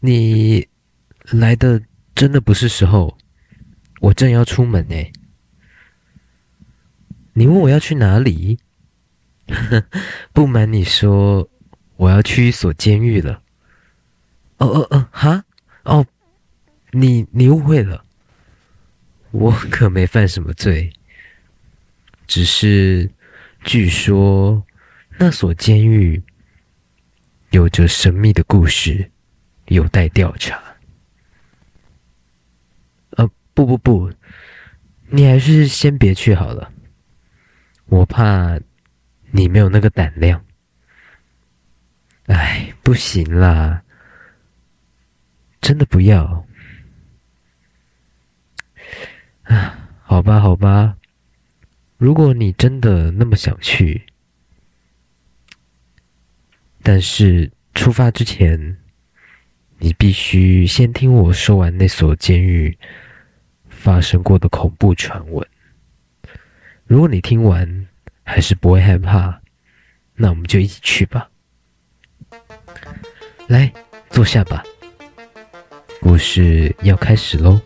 你來的真的不是時候，我正要出門呢。你問我要去哪裡？ 不瞞你說，我要去一所監獄了。哦哦哦，哈，哦，你你誤會了，我可沒犯什麼罪，只是據說那所監獄有着神秘的故事。有待調查。呃，不不不，你還是先別去好了，我怕你沒有那個膽量。哎，不行啦，真的不要。啊，好吧好吧，如果你真的那麼想去，但是，出發之前。你必須先聽我說完那所監獄發生過的恐怖傳聞。如果你聽完還是不會害怕，那我們就一起去吧。來，坐下吧。故事要開始嘍。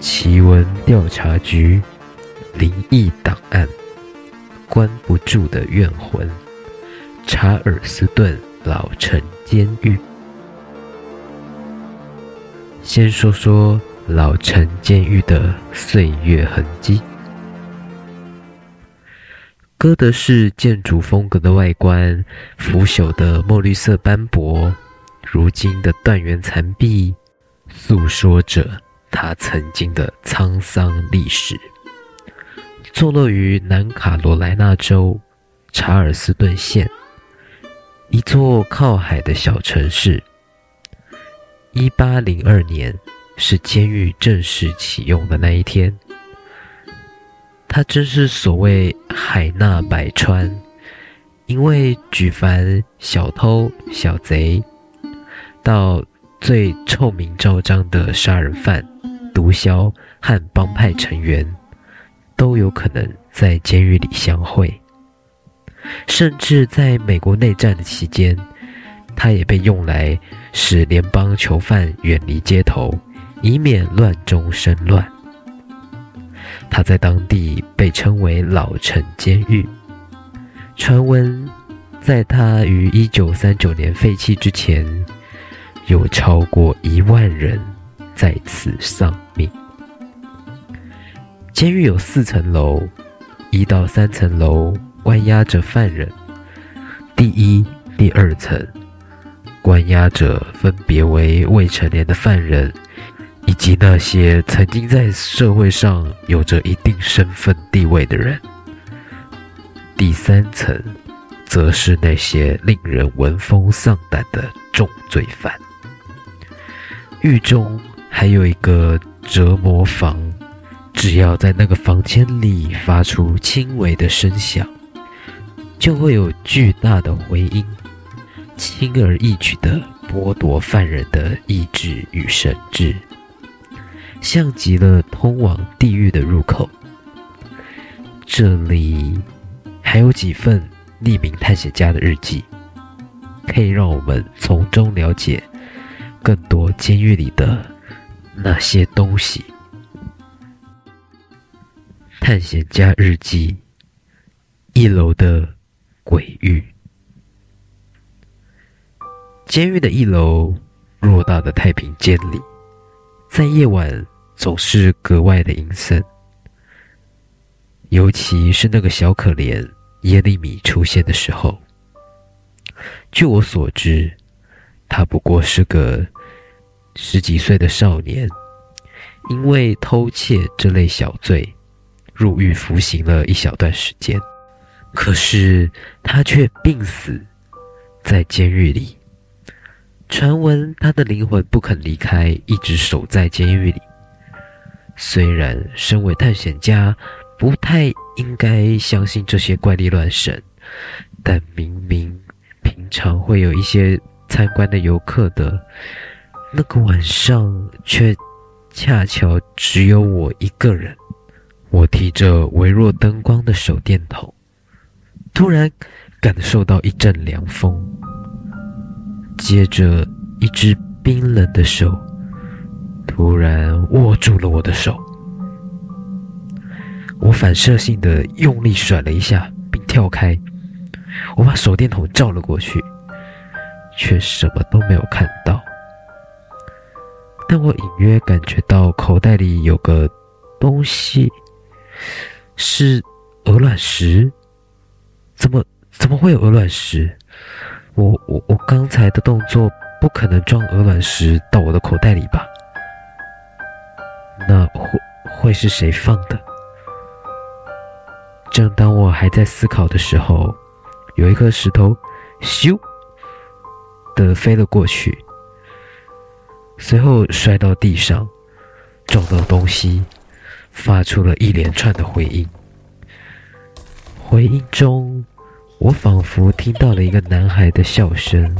奇聞調查局，靈異檔案。關不住的怨魂，查爾斯頓老城監獄。先說說老城監獄的歲月痕跡，哥德式建築風格的外觀，腐朽的墨綠色斑駁，如今的斷垣殘壁，訴說着它曾經的滄桑歷史。坐落於南卡羅來納州查爾斯頓縣，一座靠海的小城市。一八零二年是監獄正式啟用的那一天。它真是所謂“海納百川”，因為舉凡小偷、小賊，到最臭名昭彰的殺人犯、毒梟和幫派成員。都有可能在監獄裡相會，甚至在美國內戰的期間，他也被用來使聯邦囚犯遠離街頭，以免亂中生亂。他在當地被稱為“老城監獄”。傳聞，在他於一九三九年廢棄之前，有超過一萬人在此喪命。監獄有四層樓，一到三層樓關押着犯人。第一、第二層關押着分別為未成年的犯人，以及那些曾經在社會上有着一定身份地位的人。第三層則是那些令人聞風喪膽的重罪犯。獄中還有一個折磨房。只要在那個房間裡發出輕微的聲響，就會有巨大的回音，輕而易舉地剝奪犯人的意志與神智，像極了通往地獄的入口。這裡還有幾份匿名探險家的日記，可以讓我們從中了解更多監獄裡的那些東西。探險家日記：一樓的鬼域。監獄的一樓，偌大的太平間裡，在夜晚總是格外的陰森。尤其是那個小可憐耶利米出現的時候。據我所知，他不過是個十幾歲的少年，因為偷竊這類小罪。入獄服刑了一小段時間，可是他卻病死在監獄裡。傳聞他的靈魂不肯離開，一直守在監獄裡。雖然身為探險家，不太應該相信這些怪力亂神，但明明平常會有一些參觀的遊客的，那個晚上卻恰巧只有我一個人。我提着微弱燈光的手電筒，突然感受到一陣涼風，接着一隻冰冷的手突然握住了我的手。我反射性地用力甩了一下，並跳開。我把手電筒照了過去，卻什麼都沒有看到。但我隱約感覺到口袋裡有個東西。是鵝卵石？怎麼怎麼會有鵝卵石？我我我剛才的動作不可能裝鵝卵石到我的口袋裡吧？那會會是誰放的？正當我還在思考的時候，有一顆石頭咻的飛了過去，隨後摔到地上，撞到東西。發出了一連串的回音，回音中，我仿佛聽到了一個男孩的笑聲。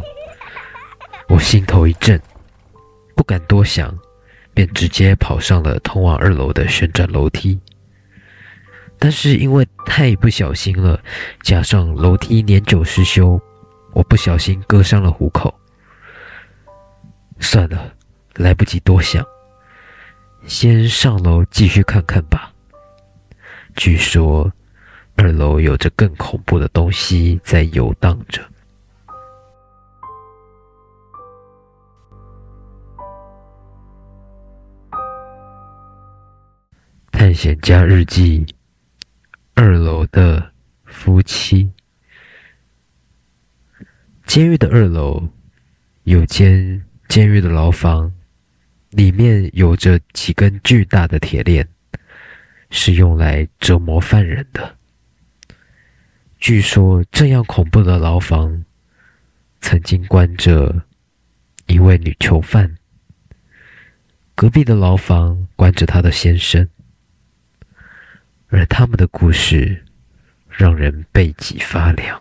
我心頭一震，不敢多想，便直接跑上了通往二樓的旋轉樓梯。但是因為太不小心了，加上樓梯年久失修，我不小心割傷了虎口。算了，來不及多想。先上樓繼續看看吧。據說，二樓有着更恐怖的東西在遊蕩着。探險家日記：二樓的夫妻，監獄的二樓有間監獄的牢房。裡面有着幾根巨大的鐵鏈，是用來折磨犯人的。據說這樣恐怖的牢房，曾經關着一位女囚犯，隔壁的牢房關着她的先生，而他們的故事讓人背脊發涼。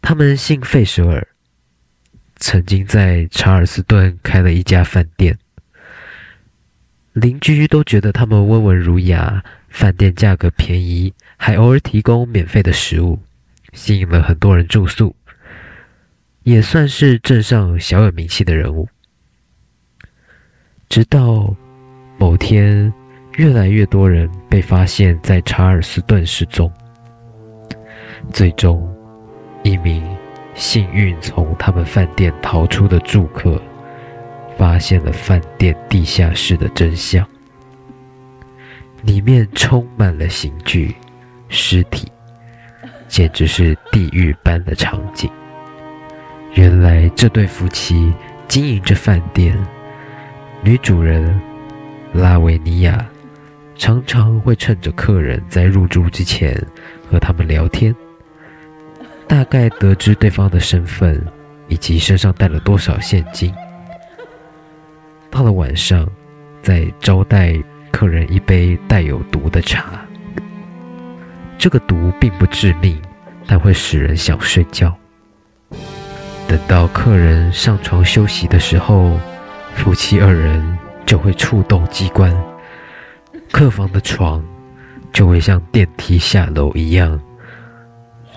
他們姓費舍爾。曾經在查爾斯頓開了一家飯店，鄰居都覺得他們溫文儒雅，飯店價格便宜，還偶爾提供免費的食物，吸引了很多人住宿，也算是鎮上小有名氣的人物。直到某天，越來越多人被發現，在查爾斯頓失蹤，最終，一名。幸運從他們飯店逃出的住客，發現了飯店地下室的真相。裡面充滿了刑具、屍體，簡直是地獄般的場景。原來這對夫妻經營着飯店，女主人拉維尼亞常常會趁着客人在入住之前和他們聊天。大概得知對方的身份以及身上帶了多少現金，到了晚上，再招待客人一杯帶有毒的茶。這個毒並不致命，但會使人想睡覺。等到客人上床休息的時候，夫妻二人就會觸動機關，客房的床就會像電梯下樓一樣。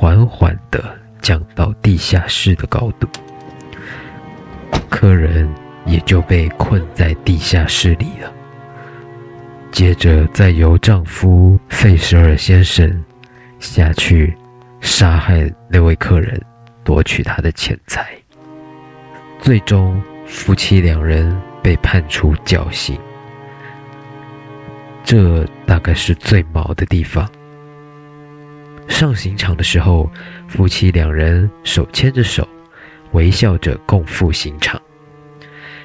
緩緩的降到地下室的高度，客人也就被困在地下室裡了。接着，再由丈夫費舍爾先生下去殺害那位客人，奪取他的錢財。最終，夫妻兩人被判處絞刑。這大概是最毛的地方。上刑場的時候，夫妻兩人手牽着手，微笑着共赴刑場。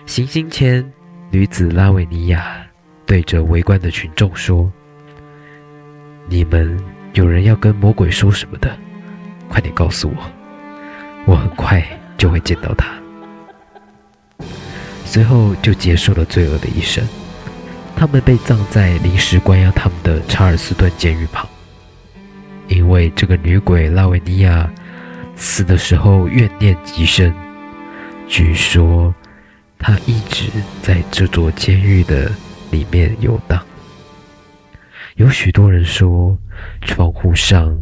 行刑前，女子拉維尼亞對着圍觀的群衆說：“你們有人要跟魔鬼說什麼的，快點告訴我，我很快就會見到他。”隨後就結束了罪惡的一生。他們被葬在臨時關押他們的查爾斯頓監獄旁。因為這個女鬼拉維尼亞死的時候怨念極深，據說她一直在這座監獄的裡面遊蕩。有許多人說，窗戶上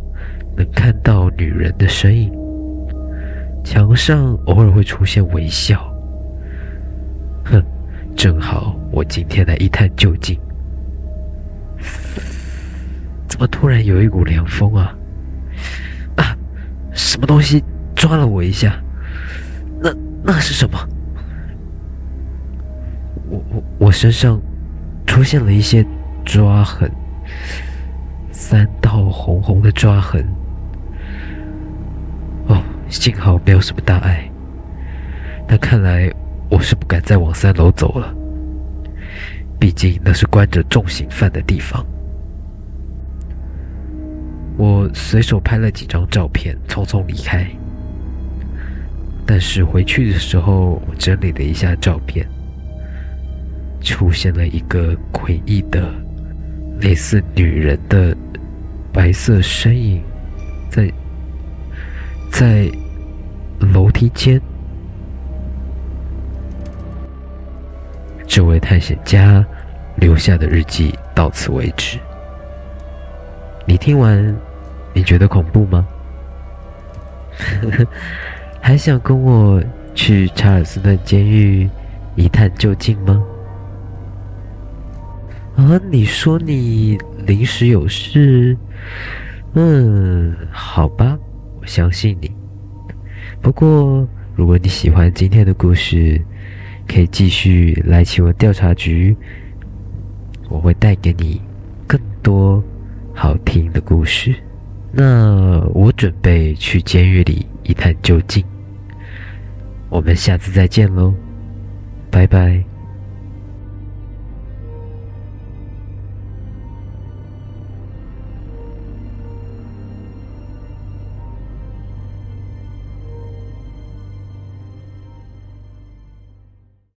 能看到女人的身影，牆上偶爾會出現微笑。哼，正好我今天來一探究竟。怎麼突然有一股涼風啊！啊，什麼東西抓了我一下？那那是什麼？我我我身上出現了一些抓痕，三道紅紅的抓痕。哦，幸好沒有什麼大礙。但看來我是不敢再往三樓走了，畢竟那是關着重刑犯的地方。我隨手拍了幾張照片，匆匆離開。但是回去的時候，我整理了一下照片，出現了一個詭異的、類似女人的白色身影，在在樓梯間。這位探險家留下的日記到此為止。你聽完，你覺得恐怖嗎？ 還想跟我去查爾斯頓監獄一探究竟嗎？啊，你說你臨時有事，嗯，好吧，我相信你。不過，如果你喜歡今天的故事，可以繼續來請問調查局，我會帶給你更多好聽的故事，那我準備去監獄裡一探究竟。我們下次再見嘍，拜拜。